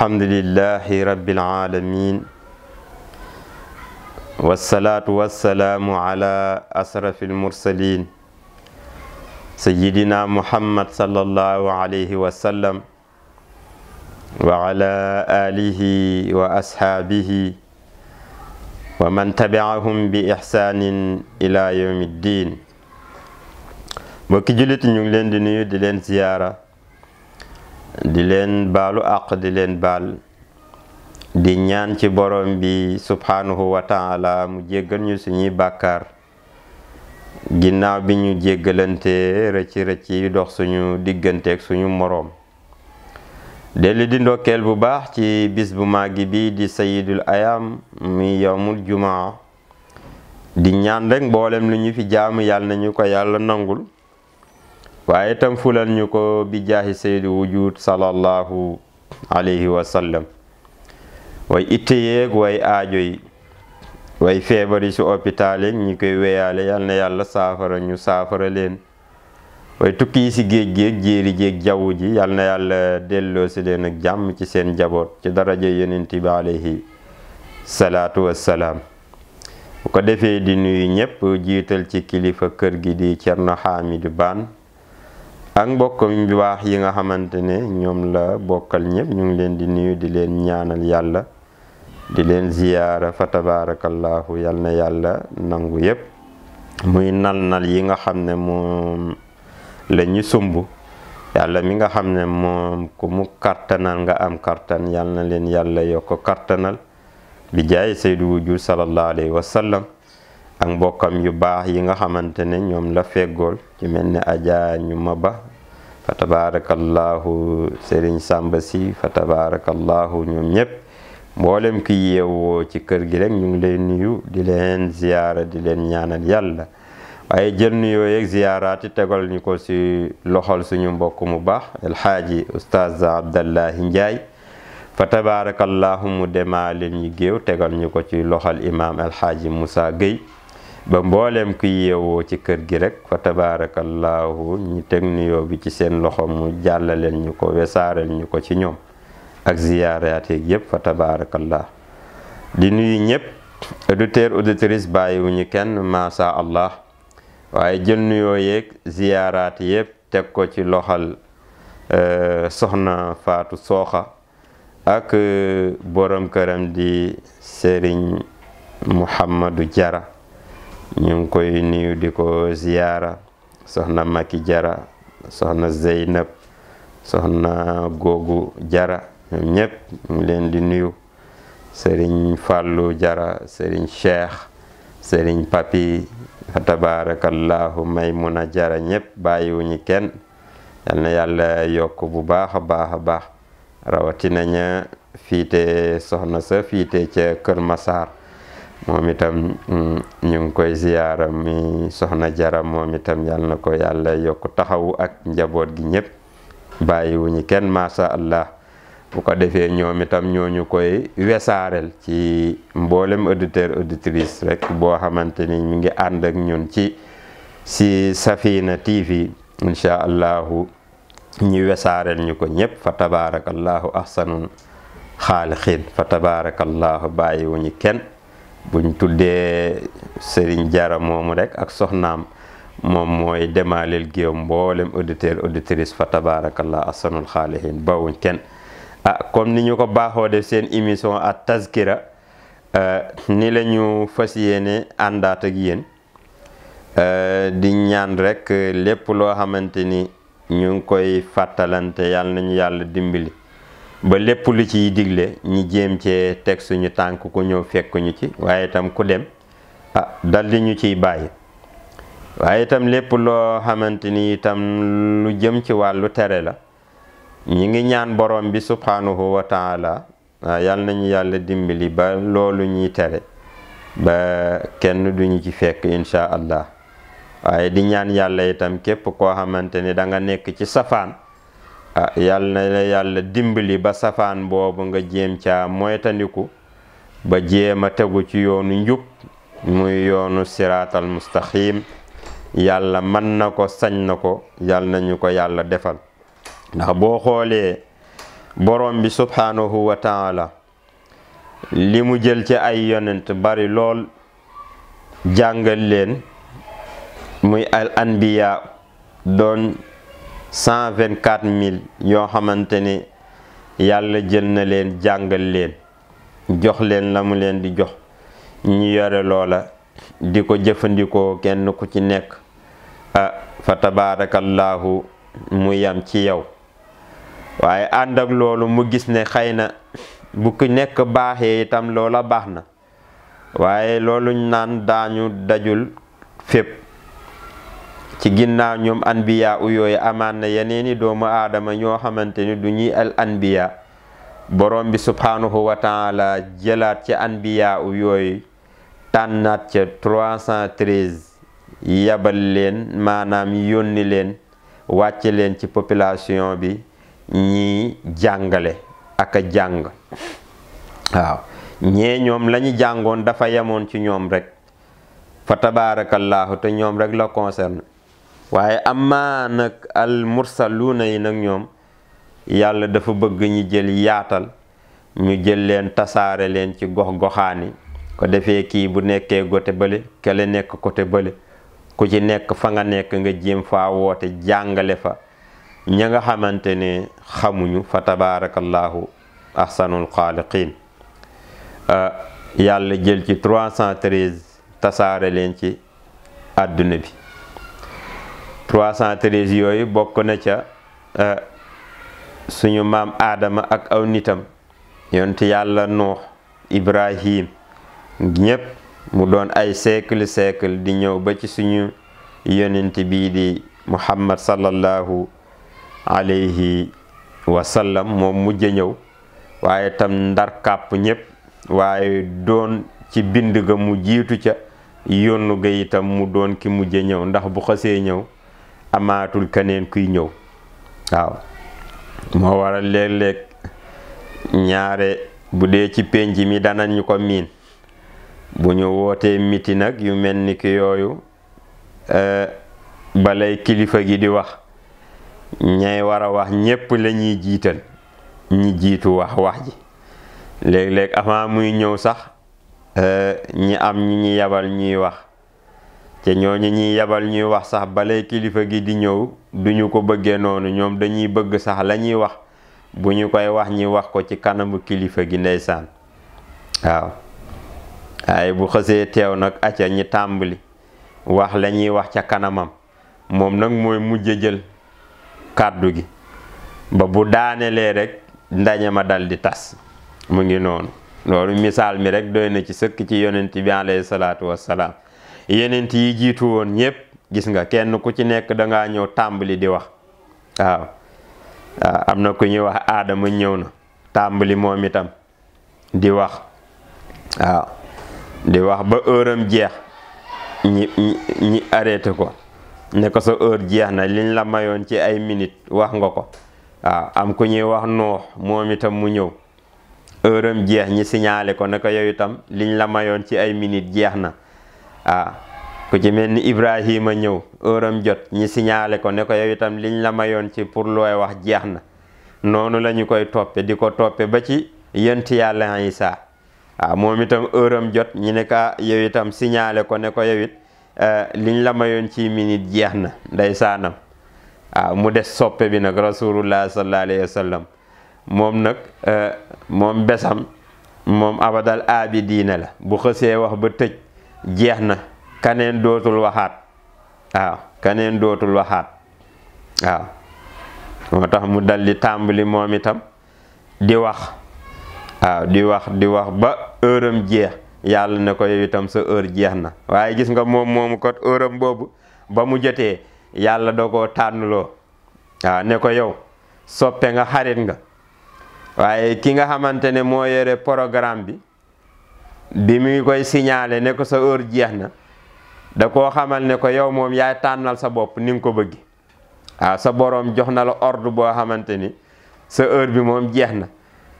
الحمد لله رب العالمين والصلاة والسلام على أسرف المرسلين سيدنا محمد صلى الله عليه وسلم وعلى آله وأصحابه ومن تبعهم بإحسان إلى يوم الدين بكي جلت نيو لين دي زياره di leen baalu àq di leen baal di ñaan ci boroom bi subhaanahu wa taala mu jéggal ñu suñuy bàkkaar ginnaaw bi ñu jéggalante rëcc rëcc yi dox suñu digganteeg suñu moroom dellu di ndokkeel bu baax ci bis bu màggi bi di sayidul ayam mi yowmul jumaa di ñaan rek mboolem lu ñu fi jaamu yàlla nañu ko yàlla nangul waaye tam fulal ñu ko bi jaaxi seydi wujuut salallahu alayhi wa sallam way itte yeeg way aajo yi way feebar yi si hôpital yeeg ñi koy weyaale yàl na yàlla saafara ñu saafara leen way tukki yi si géej géeg jéeri jéeg jaww ji yàl na yàlla delloo si leen ak jàmm ci seen jaboot ci daraja yonente bi alayhi salaatu wassalaam bu ko defee di nuyu ñëpp jiital ci kilifa kër gi di cerno xaamidu baan ak mbokkam bi baax yi nga xamante ne ñoom la bokkal ñëpp ñu ngi leen di nuyu di leen ñaanal yàlla di leen ziyaara fa tabaarakallaahu yal na yàlla nangu yëpp muy nalnal yi nga xam ne moom la ñu sumb yàlla mi nga xam ne moom ku mu nga am kàttan yal na leen yàlla yokk kàttanal bi jaay saydu wujur sallallahu alayhi wa ak mbokkam yu baax yi nga xamante ne ñoom la feggool ci mel ni ñu ma ba fa tabaarakallaahu Serigne Samba si fa tabaarakallaahu ñoom ñëpp mboolem ki yeewoo ci kër gi rek ñu ngi leen nuyu di leen ziyaara di leen ñaanal yàlla waaye jël nuyoo yeeg ziyaaraati tegal ñu ko ci loxol suñu mbokk mu baax El Hadji Oustaz Abdallahi Ndiaye fa tabaarakallaahu mu demaa leen ñu géew tegal ñu ko ci loxol imaam El Hadji Moussa Gueye ba mbooleem ki yeewoo ci kër gi rek fa tabaarakallaahu ñu teg nuyoo bi ci seen loxo mu jàllaleel ñu ko wesaareel ñu ko ci ñoom ak ziyaaraateeg yépp fa tabaarakallah di nuyu ñépp auditeurs auditrices bàyyiwuñu kenn maasa allah waaye jël nuyoo yeeg ziyaaraat yépp teg ko ci loxol euh, soxna Faatu Sooxa ak euh, borom këram di Serigne Mouhamadou Jara ñu ngi koy nuyu di ko ziyaara soxna Maki Jara soxna Zeynab soxna Googu Jara ñoom ñëpp ñu ngi leen di nuyu sëriñ Fàllu Jara sëriñ Cheikh sëriñ Papi fa tabaarakallaahu Maymuna Jara ñëpp bàyyiwuñu kenn yal na yàlla yokk bu baax a baax a baax rawatina ña fiite soxna sa fiite ca Kër Masaar moom itam mm, ñu ngi koy ziyaara mi soxna jaram moom itam yàlla na ko yàlla yokk taxawu ak njaboot gi ñëpp bàyyiwuñu kenn masha allah bu ko defee ñoom itam ñooñu koy wesaareel ci mboolem auditeur auditrice rek boo xamante ni ñu ngi ànd ak ñun ci si Safina TV incha allahu ñi wesaareel ñu ko ñëpp fa tabarakallahu ahsanul xaaliqin fa tabarakallahu bàyyiwuñu kenn buñ tuddee Serigne Diarra moomu rek ak soxnaam moom mooy demaaleel géew mboolem auditeur auditrice fa tabarakallah asanul xaalihin bawuñ kenn ah comme ni ñu ko baaxoo def seen émission at taskira euh, ni la ñu fas yéene àndaat ak yéen euh, di ñaan rek lépp loo xamante ni ñu ngi koy fàttalante yàlla nañu yàlla dimbili ba lépp lu ci digle ñi jéem ci texte ñu tànk ku ñëw fekk ñu ci waaye itam ku dem ah dal di ñu ciy bàyyi waaye itam lépp loo xamante ni itam lu jëm ci wàllu tere la ñi ngi ñaan borom bi subhanahu wa taala ah, yàlla nañu yàlla dimbali ba loolu ñuy tere ba kenn duñu ci fekk incha allah waaye di ñaan yàlla itam képp koo xamante ni danga nekk ci safaan ah na la yàlla dimbali ba safaan boobu nga jéem ca moytandiku ba jéema tegu ci yoonu njub muy yoonu siraatal mustaxim yàlla man na ko sañ na ko yàlla nañu ko yàlla defal ndax boo xoolee borom bi subhaanahu wa taala li mu jël ci ay yonent bari lool jàngal leen muy al anbiya doon cent vingt quatre mille yoo xamante ne yàlla jël na leen jàngal leen jox leen la mu leen di jox ñu yore loola di ko jëfandikoo kenn ku ci nekk ah fa tabaarakallaahu mu yam ci yow waaye ànd ak loolu mu gis ne xëy na bu ku nekk baaxee itam loola baax na waaye looluñ naan daañu dajul fépp ci ginnaaw ñoom anbiya u yooyu amaan na yeneeni doomu aadama ñoo xamante ni du ñuy al anbiya borom bi subhaanahu wa jëlaat ci anbiya u yooyu tànnaat ca 313 yabal leen maanaam yónni leen wàcce leen ci population bi ñi jàngale ak jàng waaw ñee ñoom lañu jàngoon dafa yemoon ci ñoom rekk fa tabaarakallaahu te ñoom rekk la concerne waaye amma nag al mursaluuna yi nag ñoom yàlla dafa bëgg ñu jël yaatal ñu jël leen tasaare leen ci gox goxaani ko defee kii bu nekkee côté bële nekk côté bële ku ci nekk fa nga nekk nga jéem faa woote jàngale fa ña nga xamante ne xamuñu fa tabaarakallaahu ahsanul xaaliqiin ah, yàlla jël ci 313 tasaare leen ci àdduna bi 313 yooyu bokk na ca eh, suñu maam aadama ak aw nitam yonent yàlla nuux ibrahim ñépp mu doon ay siècle siècle di ñëw ba ci suñu yonent bii di muhammad sallallahu alayhi wa sallam moom mujj ñëw waaye tam ndar kàpp ñépp waaye doon ci bind mu jiitu ca yónnu ga mu doon ki mujj ñëw ndax bu xasee ñëw amaatul keneen kuy ñëw waaw moo waral léeg-léeg ñaare bu dee ci penc mi danañu ko miin bu ñu wootee miti nag yu mel ni ki yooyu eh, balay kilifa gi di wax ñay war a wax ñépp lañuy jiital ñi jiitu wax wax ji léeg-léeg avant muy ñëw sax eh, ñi am ñi ñu yabal ñuy wax ca ñooñu ñuy yebal ñuy wax sax balay kilifa gi di ñëw duñu ko bëggee noonu ñoom dañuy bëgg sax lañuy wax bu ñu koy wax ñi wax ko ci kanamu kilifa gi ndeysaan waaw waaye bu xësee teew nag aca ñi tàmbali wax lañuy wax ca kanamam moom nag mooy mujj jël kàddu gi ba bu daanelee rekk ndañe ma daldi tas mu ngi noonu loolu misaal mi rek doy na ci sëkk ci yonent bi alayhi salaatu wassalaam yenent yi jiitu woon ñépp gis nga kenn ku ci nekk dangaa ñëw tàmbali di wax waaw waaw am na ku ñuy wax aadama ñëw na tàmbali moom itam di wax waaw di wax ba heure am jeex ñi ñi arrêté ko ne ko sa heure jeex na liñ la mayoon ci ay minit wax nga ko waaw am ku ñuy wax noox moom itam mu ñëw heure jeex ñi signalé ko ne yow itam liñ la mayoon ci ay minute jeex na ah ku ci mel ni Ibrahima ñëw heuram jot ñi siñaale ko ne ko yow itam liñ la mayoon ci pour looy wax jeex na noonu lañu koy toppe di ko toppe ba ci yonent yàlla Isaa ah, waaw moom itam heuram jot ñi ne ka yow itam signalé ko ne ko yow eh, liñ la mayoon ci minute jeex na ndeysaanam waaw ah, mu des soppe bi nag rasulullah sallallahu alayhi wa moom nag eh, moom besam moom abadal aabidiina la bu xësee wax ba tëj jeex na kaneen dootul waxaat waaw kaneen dootul waxaat waaw moo tax mu daldi tàmbali moom itam di wax waaw di wax di wax ba heure am jeex yàlla ne ko yow itam sa heure jeex na waaye gis nga moom moomu kot heure boobu ba mu jotee yàlla da koo tànnloo waaw ne ko yow soppe nga xarit nga waaye ki nga xamante ne moo yore programme bi dimi mu koy signalé né ko sa heure jeexna na da ko xamal né ko yow moom yaay tanal sa bop ni ngi ko bëgg waaw sa borom joxna la ordre bo xamanteni sa heure bi moom jeexna na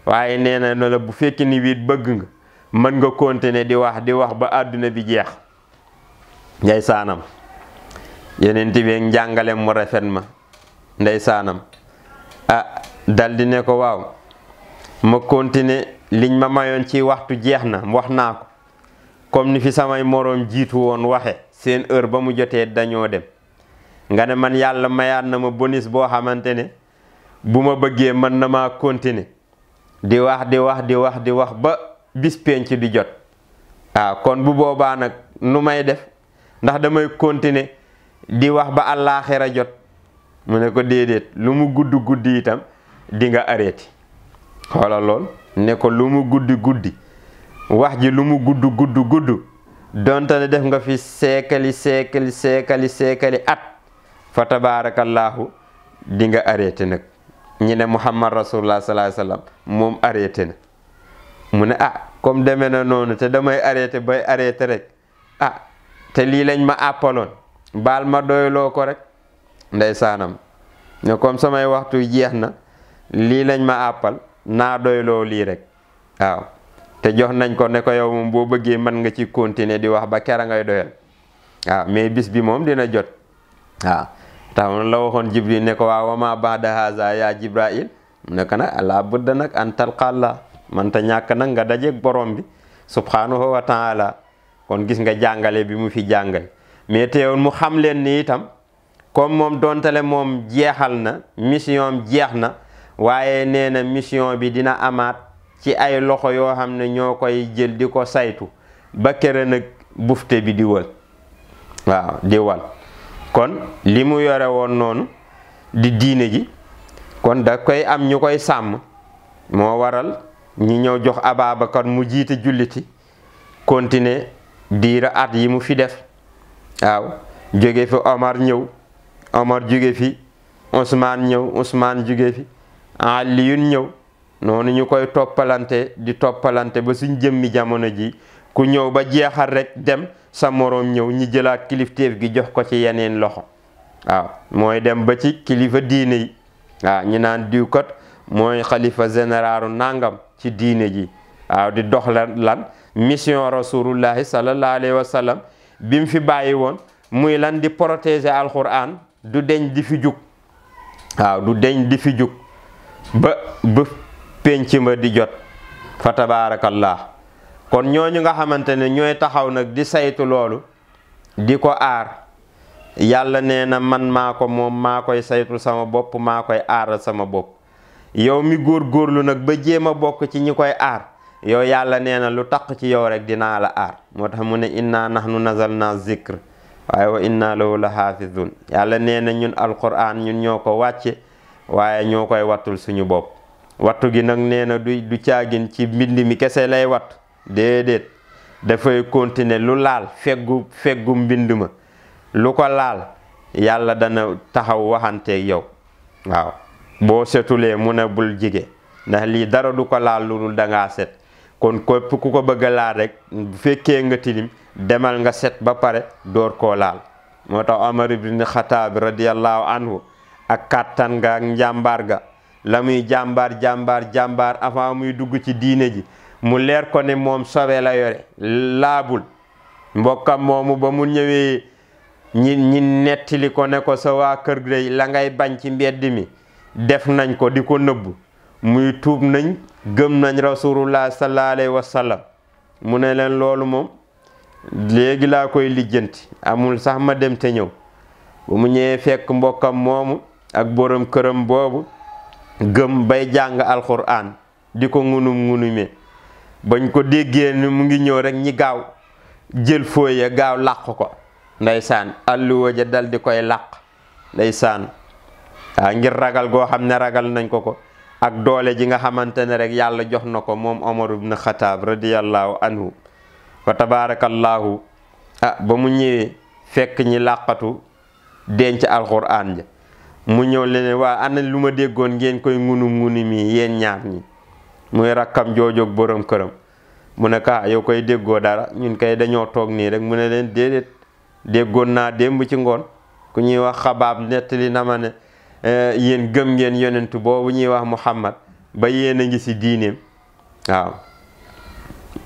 waaye na la bu fekki ni wiit bëgg nga man nga continuer di wax di wax ba aduna bi jeex ndey saanam bi njàngale mu rafet ma ndey ah dal di ne ko waw ma continuer liñ ma mayoon ci waxtu jeex na wax naa ko comme ni fi samay moroom jiitu woon waxe seen heure ba mu jotee dañoo dem nga ne man yàlla mayaat na ma bonus boo xamante ne bu ma bëggee mën na maa continuer di wax di wax di wax di wax ba bis di jot waaw ah, kon bu boobaa nag nu may def ndax damay continuer di wax ba àllaaxira jot mu ne ko déedéet lu mu gudd gudd itam di nga arrêté xoola lool ne ko lu mu guddi guddi wax ji lu mu gudd gudd gudd donte ne def nga fi seekali seekali seekali seekali at fa tabaarakallahu di nga arrêté nag ñu ne muhammad rasulullah sala ai sallam moom arrêté na mu ne ah comme demee na noonu te damay arrêté bay arrêté rek ah te lii lañ ma àppaloon baal ma doyloo ko rek ndey saanam ne comme samay waxtu jeex na lii lañ ma àppal naa doyloo lii rek waaw te jox nañ ko ne ko yow moom boo bëggee mën nga ci continuer di wax ba kera ngay doyal waaw mais bis bi moom dina jot waaw tax la waxoon jibri ne ko waaw wama bada haza yaa jibrail ne ko nag ala budda nag an talqalla man ta ñàkk nag nga dajeeg borom bi subhanahu wa taala kon gis nga jàngale bi mu fi jàngal mais te yow mu xam leen ni itam comme moom doontale moom jeexal na mission am jeex na waaye nee na mission bi dina amaat ci ay loxo yoo xam ne ñoo koy jël di ko saytu ba kere nag bufte bi di wal waaw di wal kon li mu yore woon noonu di diine ji kon da koy am ñu koy sàmm moo waral ñu ñëw jox Ababacar mu jiite julliti continuer diira at yi mu fi def waaw jóge fi Omar ñëw Omar jóge fi Ousmane ñëw Ousmane jóge fi àlliyun ñëw noonu ñu koy toppalante di toppalante ba suñ jëmmi jamono ji ku ñëw ba jeexal rek dem sa moroom ñëw ñi jëlaat kilifteef gi jox ko ci yeneen loxo waaw mooy dem ba ci kilifa diine yi waaw ñu naan diwkat mooy xalifa généralu nangam ci diine ji waaw di dox la lan mission rasulullahi sallallahu alayhi wa bi mu fi bàyyi woon muy lan di protéger alquran du deñ di fi jug waaw du deñ di fi jug ba ba pénc ma di jot fa tabaarakallah kon ñoo ñu nga xamante ne ñooy taxaw nag di saytu loolu di ko aar yàlla nee na man maa ko moom maa koy saytul sama bopp maa koy aaral sama bopp yow mi góor-góorlu nag ba jéem a bokk ci ñi koy aar yow yàlla nee na lu taq ci yow rek dinaa la aar moo tax mu ne inna nahnu nazalna zikr waaye wa inna lahu la xaafidun yàlla nee na ñun alquran ñun ñoo ko wàcce waaye ñoo koy wattul suñu bopp wattu gi nag nee na du du caagin ci mbindi mi kese lay watt déedéet dafay continue lu laal feggu feggu mbind ma lu ko laal yàlla dana taxaw waxante yow waaw boo setulee mu ne bul jige ndax lii dara du ko laal lu dul dangaa set kon képp ku ko bëgg laal rek fekkee nga tilim demal nga set ba pare door koo laal moo tax omar ibne xataab radiallahu anhu ak kàttan nga njàmbaar ga la muy jàmbaar jàmbaar jàmbaar avant muy dugg ci diine ji mu leer ko ne moom sobe la yore laabul mbokkam moomu ba mu ñëwee ñi ñi nettali ko ne ko sa waa kër gi la ngay bañ ci mbedd mi def nañ ko di ko nëbbu muy tuub nañ gëm nañ rasulullah sallallahu alayhi wa sallam mu ne leen loolu moom léegi laa koy lijjanti amul sax ma dem te ñëw bu mu ñëwee fekk mbokkam moomu ak borom këram boobu gëm bay jàng alxuraan di ko ngunum ngunumee bañ ko déggee ni mu ngi ñëw rekk ñi gaaw jël fooya gaaw làq ko ndeysaan alluwa ja dal di koy làq ndeysaan waaw ngir ragal goo xam ne ragal nañ ko ko ak doole ji nga xamante ne rek yàlla jox na ko moom Omar ibn Xataab radiyallahu anhu wa tabaarakallaahu ah ba mu ñëwee fekk ñi làqatu denc alxuraan ja mu ñëw leneen waa ana lu ma déggoon ngeen koy ngunu ngunu mi yéen ñaar ñi muy rakkam joojoog borom këram mu ne ka ah, yow koy déggoo dara ñun kay dañoo toog nii rek mu ne leen déedéet déggoon naa démb ci ngoon ku ñuy wax xabaab nettali na ne eh, yéen gëm ngeen yonentu boobu ñuy wax muhammad ba yéen a ngi si diineem waaw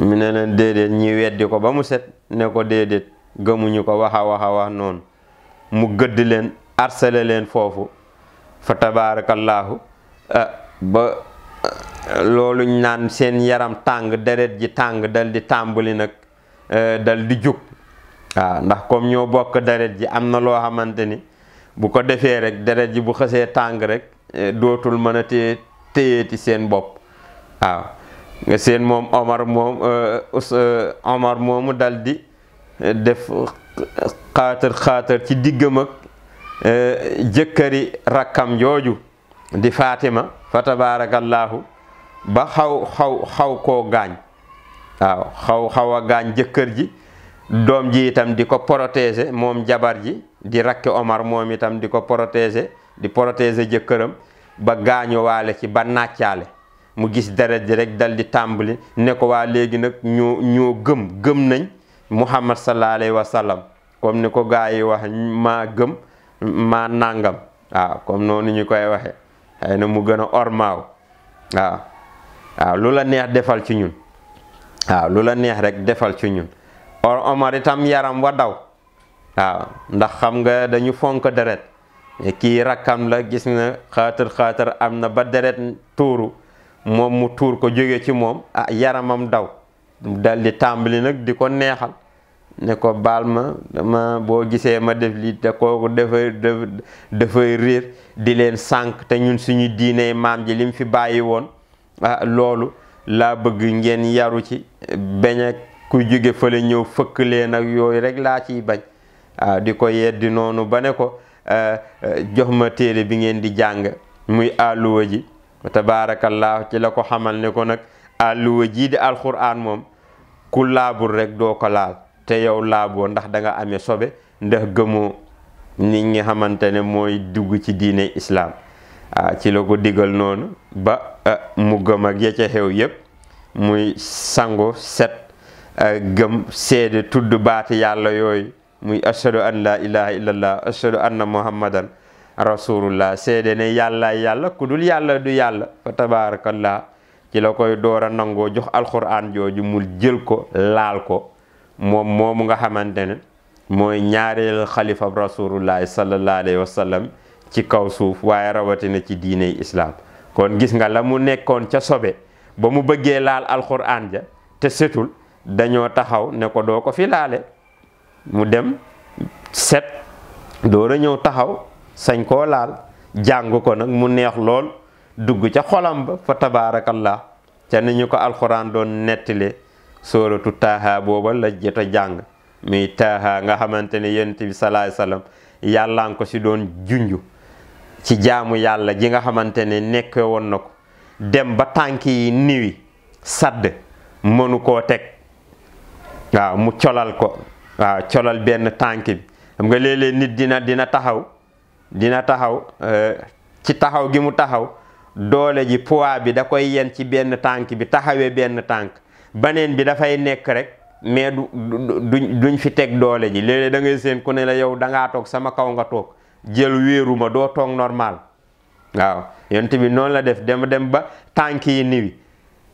mu ne leen déedéet ñi weddi ko ba mu set ne ko déedéet gëmuñu ko waxa waxa wax noonu mu gëdd leen arsale leen foofu fa tabaarakallaahu eh, ba eh, loolu ñu naan seen yaram tàng deret ji tàng dal di tàmbali nag eh, dal di jug waaw ndax comme ñoo bokk deret ji am na loo xamante ni bu ko defee rek deret ji bu xësee tàng rek dootul mën a téye téyeeti seen bopp waaw nga seen moom Omar moomu dal di def xaatar xaatar ci diggam ak Eh, jëkkëri rakkam jooju di Fatima fa tabaarakallaahu ba xaw xaw xaw ko gaañ waaw xaw xawa a gaañ jëkkër ji doom ji itam di ko protéger moom jabar ji di rakki Omar moom itam di ko protéger di protéger jëkkëram ba gaañu ci ba nàccaale mu gis deret ji rek dal di tàmbali ne ko waa léegi nag ñoo ñoo gëm gëm nañ Muhammad sallallahu alayhi wa sallam comme ko gaa yi wax maa gëm maa nàngam waaw comme noonu ñu koy waxe xëy na mu gën a ormaaw waaw waaw lu la neex defal ci ñun waaw lu la neex rek defal ci ñun or Omar itam yaram wa daw waaw ndax xam nga dañu fonk deret e kii rakkam la gis na xaatar xaatar am na ba deret tuuru moom mu tuur ko jóge ci moom ah yaramam daw daldi tàmbali nag di ko neexal ne ko baal ma ma boo gisee ma def lii te kooku dafay dafay réer di leen sànq te ñun suñu diine maam ji li fi bàyyi woon ah, loolu laa bëgg ngeen yaru ci bañ ku jóge fële ñëw fëkk leen ak yooyu rekk laa ciy bañ ah di ko yeddi noonu ba ne ko eh, eh, jox ma téere bi ngeen di jàng muy àlluwa ji tabaarakallah ci la ko xamal ne ko nag àlluwa jii di alxuraan moom ku laabul rekk doo ko laal te yow laaboo ndax danga nga amee sobe ndax gëmoo nit ñi xamante ne mooy dugg ci diine islaam ah ci la ko digal noonu ba ah, mu gëm a ya xew yépp muy sangu set ah, gëm seede tudd baati yàlla yooyu muy ashadu an la ilaha illallah ashadu anna muhammadan rasulullah seede ne yàlla yàlla ku dul yàlla du yàlla fa tabarakallah ci la koy door a nangoo jox alquran jooju mu jël ko laal ko moom moomu nga xamante ne mooy ñaareel xalifa rasulullahi sallallahu alayhi wa sallam ci kaw suuf waaye rawatina ci diiney islaam kon gis nga la mu nekkoon ca sobe ba mu bëggee laal alxuraan ja te setul dañoo taxaw ne ko doo ko fi laale mu dem set door a ñëw taxaw sañ koo laal jàng ko nag mu neex lool dugg ca xolam ba fa tabaarakallah ca ni ñu ko alxuraan doon nettile sóoratu taaha booba la jot jàng muy taaha nga xamante ne yonent bi salaay salaam yàlla nga ko si doon junju ci jaamu yàlla ji nga xamante ne nekke woon na ko dem ba tànk yi niwi sadd mënu koo teg waaw mu colal ko waaw colal benn tànk bi xam nga léeg nit dina dina taxaw dina taxaw euh, ci taxaw gi mu taxaw doole ji poids bi da koy yen ci benn tànk bi taxawee benn tànk baneen bi dafay nekk rek mais du duñ fi teg doole ji léeg-léeg da ngay seen ku ne la yow dangaa toog sama kaw nga toog jël wéeruma doo toog normal waaw yont bi noonu la def dem dem ba tànk yi niwi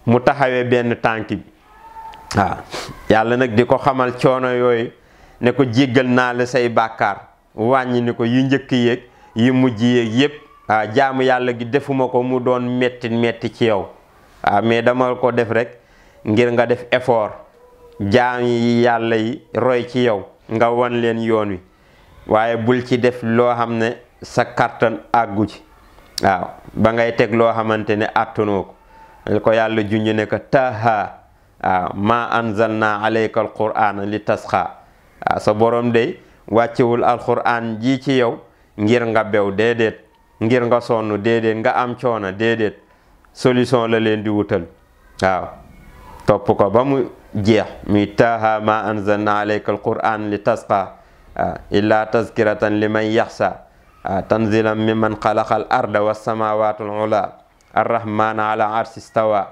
mu taxawee benn tànk bi waaw yàlla nag di ko xamal coono yooyu ne ko jéggal naa la say bàkkaar wàññi ni ko yu njëkk yéeg yi mujj yéeg yëpp waaw jaamu yàlla gi defuma ko mu doon metti metti ci yow waaw mais dama ko def rek ngir nga def effort jaam yi yàlla yi roy ci yow nga wan leen yoon wi waaye bul ci def loo xam ne sa kàttan àggu ci waaw ba ngay teg loo xamante ne àttanoo ko li ko yàlla junj ne ko taha waaw ma anzalna alayka alqur'ana li tasxa waaw sa borom de wàccewul alqur'an ji ci yow ngir nga bew déedéet ngir nga sonn déedéet nga am coona déedéet solution la leen di wutal waaw topp ko ba mu jeex muy taaha ma anzalna alayka alquran li tasqa illa tazkiratan liman yaxsa tanzilan mimman xalaqa al arda wassamawatu al ula arrahmana ala arsi stawa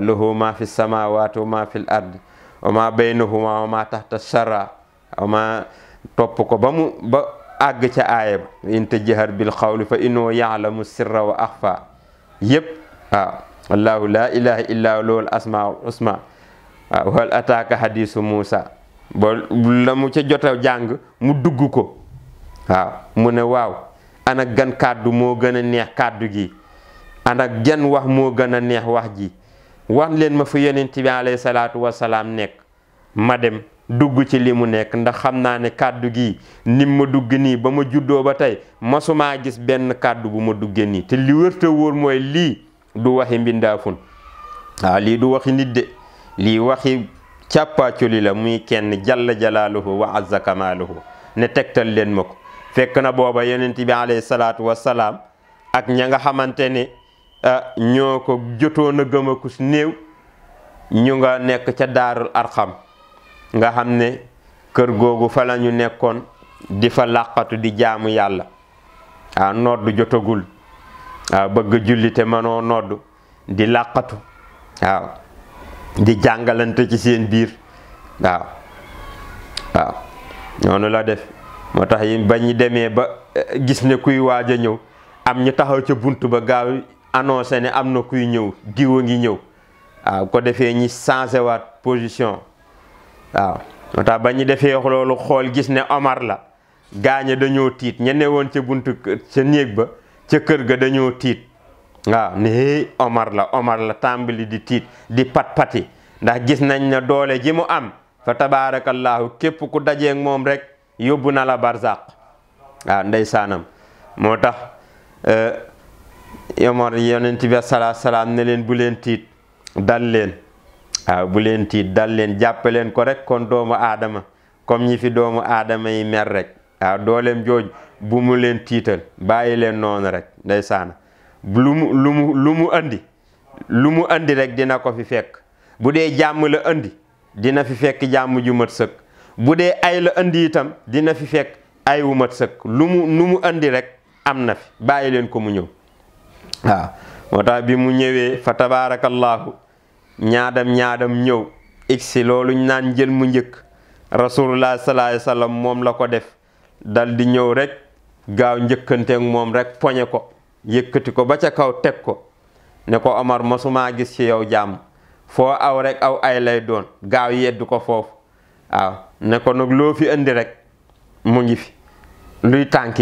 lahu ma fi samawati wa ma fi l ard wa ma baynahuma wa ma tahta shara wa ma topp ko ba mu ba àgg ca aaya ba in bil qawli fa innahu ya'lamu sirra wa axfa yépp wallahu la ilaha illa lool asmaul usma ataaka hadisu Muusa ba la mu ci jot a jàng mu dugg ko waaw mu ne waaw ana gan kàddu moo gën a neex kàddu gi ana gan wax moo gën a neex wax ji wax leen ma fa yonent bi alayhi salaatu wasalaam nekk ma dem dugg ci li mu nekk ndax xam naa ne kàddu gi nim ma dugg nii ba ma juddoo ba tey masumaa gis benn kàddu bu ma duggee nii te li wërta wóor mooy lii du waxi mbindaafun waaw ah, lii du waxi nit de lii waxi càppaaculi la muy kenn jalla jalaaluhu wa azza kamaaluhu ne tegtal leen ma ko fekk na booba yonent bi alayhi salaatu wassalaam ak ña nga xamante ne ah, ñoo ko jotoon a gëm akus néew ñu nga nekk ca daarul arxam nga xam ne kër googu fa la ñu nekkoon di fa làqatu di jaamu yàlla ah noor du jotagul waaw bëgg julli te mënoo nodd di làqatu waaw di jàngalante ci seen biir waaw waaw noonu la def moo tax yi ba ñu demee ba eh, gis ne kuy waaj a ñëw am ñu taxaw ca bunt ba gaaw annoncé ne am na kuy ñëw a ngi ñëw waaw ko defee ñi changé waat position waaw moo tax ba ñu defee loolu xool gis ne Omar la gaañe dañoo tiit ña woon ca buntu ca néeg ba ca kër ga dañoo tiit waaw ni Omar la Omar la tàmbali di tiit di pat pati ndax gis nañ ne doole ji mu am fa tabaarakallaahu képp ku dajeeg moom rek yóbbu na la barzaq waaw ndeysaanam moo tax eh, Omar ti bi salaasalaam ne leen bu leen tiit dal leen bu leen tiit dal leen jàppaleen ko rek kon doomu aadama comme ñi fi doomu aadama yi mer rek waaw dooleem jooj bu mu leen tiital bàyyi leen noonu rek ndeysaan lu mu lu mu lu mu andi lu mu andi rek dina ko fi fekk bu dee jàmm la andi dina fi fekk jàmm ju mat sëkk bu dee ay la andi itam dina fi fekk ay wu mat sëkk lu mu lu mu andi rek am na fi bàyyi leen ko mu ñëw waaw moo bi mu ñëwee fa tabaarakallaahu ñaadam ñaadam ñëw igsi loolu ñu naan njël mu njëkk rasulullah sallallahu alayhi wa moom la ko def dal di ñëw rek gaaw njëkkanteeg moom rek poñe ko yëkkati ko ba ca kaw teg ko ne ko Omar masumaa gis ci yow jàmm foo aw rek aw ay doon gaaw yeddu ko foofu waaw ne ko nag loo fi indi rek mu ngi fi luy tànk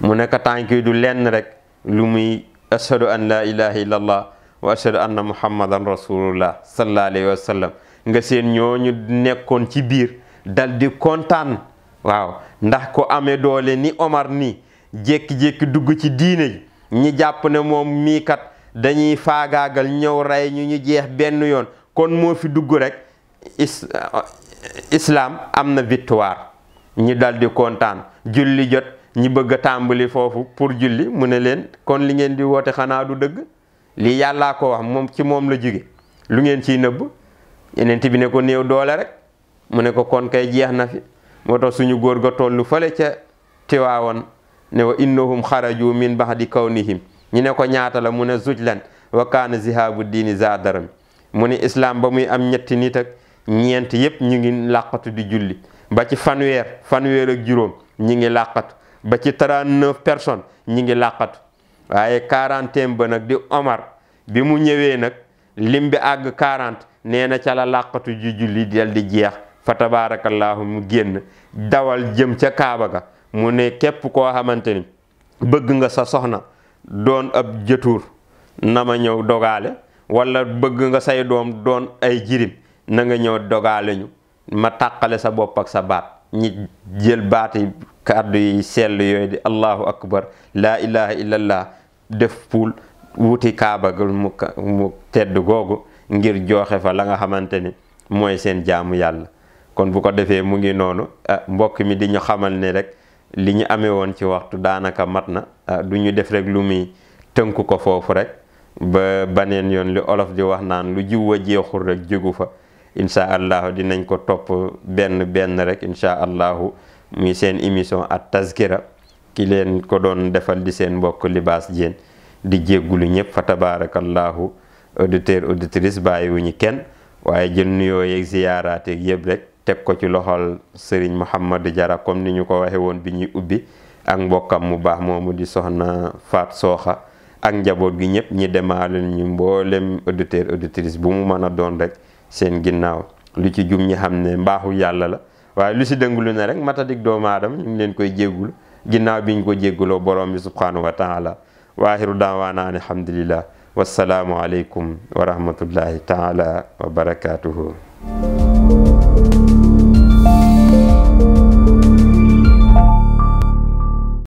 mu ne ko tànk yi du lenn rek lu muy ashadu an laa ilaha illa wa ashadu anna muhammadan rasulullah sallallahu alayhi wa sallam nga seen ñooñu nekkoon ci biir dal di kontaan waaw ndax ko amee doole ni Omar ni jékki-jékki dugg ci diine ñi jàpp ne moom mii kat dañuy faagaagal ñëw rey ñu ñu jeex benn yoon kon moo fi dugg rek uh, islaam am na victoire ñu daldi kontaan julli jot ñi bëgg a tàmbali foofu pour julli mu ne leen kon li ngeen di woote xanaa du dëgg li yàllaa ko wax moom ci moom la jóge lu ngeen ciy nëbb yeneen bi ne ko néew doole rek mu ne ko kon kay jeex na fi moo suñu góor ga tollu fële ca tiwaawoon ne wa innahum xaraju min baxdi kawnihim ñu ne ko ñaata la mu ne zujlan wa kaana zihaabu diini zaadaram mu ne islaam ba muy am ñetti nit ñeent yépp ñu ngi làqatu di julli ba ci fanweer fanweer juróom ñi ngi làqatu ba ci 39 personnes ñi ngi làqatu waaye quarantaine ba nag di Omar bi mu ñëwee nag lim bi àgg 40 nee na ca la làqatu ju julli del di jeex fa tabaarakallaahu mu génn dawal jëm ca kaaba ga mu ne képp koo xamante ni bëgg nga sa soxna doon ab jëtuur na ma ñëw dogale walla bëgg nga say doom doon ay jirim na nga ñëw dogale ñu ma tàqale sa bopp ak sa baat ñi jël baati kàddu yi sell yooyu di allahu akbar laa ilaha illallah def puul wuti kaaba ga mu tedd googu ngir joxe fa la nga xamante ni mooy seen jaamu yàlla kon bu ko defee mu ngi noonu ah, mbokk mi di ñu xamal ni rek li ñu amee woon ci waxtu daanaka mat na ah, du ñu def rek lu muy tënku ko foofu rek ba baneen yoon li olof di wax naan lu jiw a jeexul rek jógu fa incha allahu dinañ ko topp benn benn rek incha allahu muy seen émission at taskira ki leen ko doon defal di seen mbokk libaas jéen di jéggulu ñëpp fa tabaarakallahu auditeur auditrice bàyyiwuñu kenn waaye jël nuyoo yeeg ziyaaraateeg yëpp rek teg ko ci loxol sëriñ Mouhamadou jara comme ni ñu ko waxe woon bi ñuy ubbi ak mbokkam mu baax moomu di soxna Faat Sooxa ak njaboot gi ñëpp ñi demaale ñu mboolem auditeur auditrice bu mu mën a doon rek seen ginnaaw lu ci jum ñi xam ne mbaaxu yàlla la waaye lu si dëngulu ne rek matadik doomu aadama ñu leen koy jéggul ginnaaw bi ñu ko jégguloo borom bi subhanahu wa taala waaxiru daawaana ani alhamdulillah wassalaamu aleykum wa rahmatullahi taala wa barakatuhu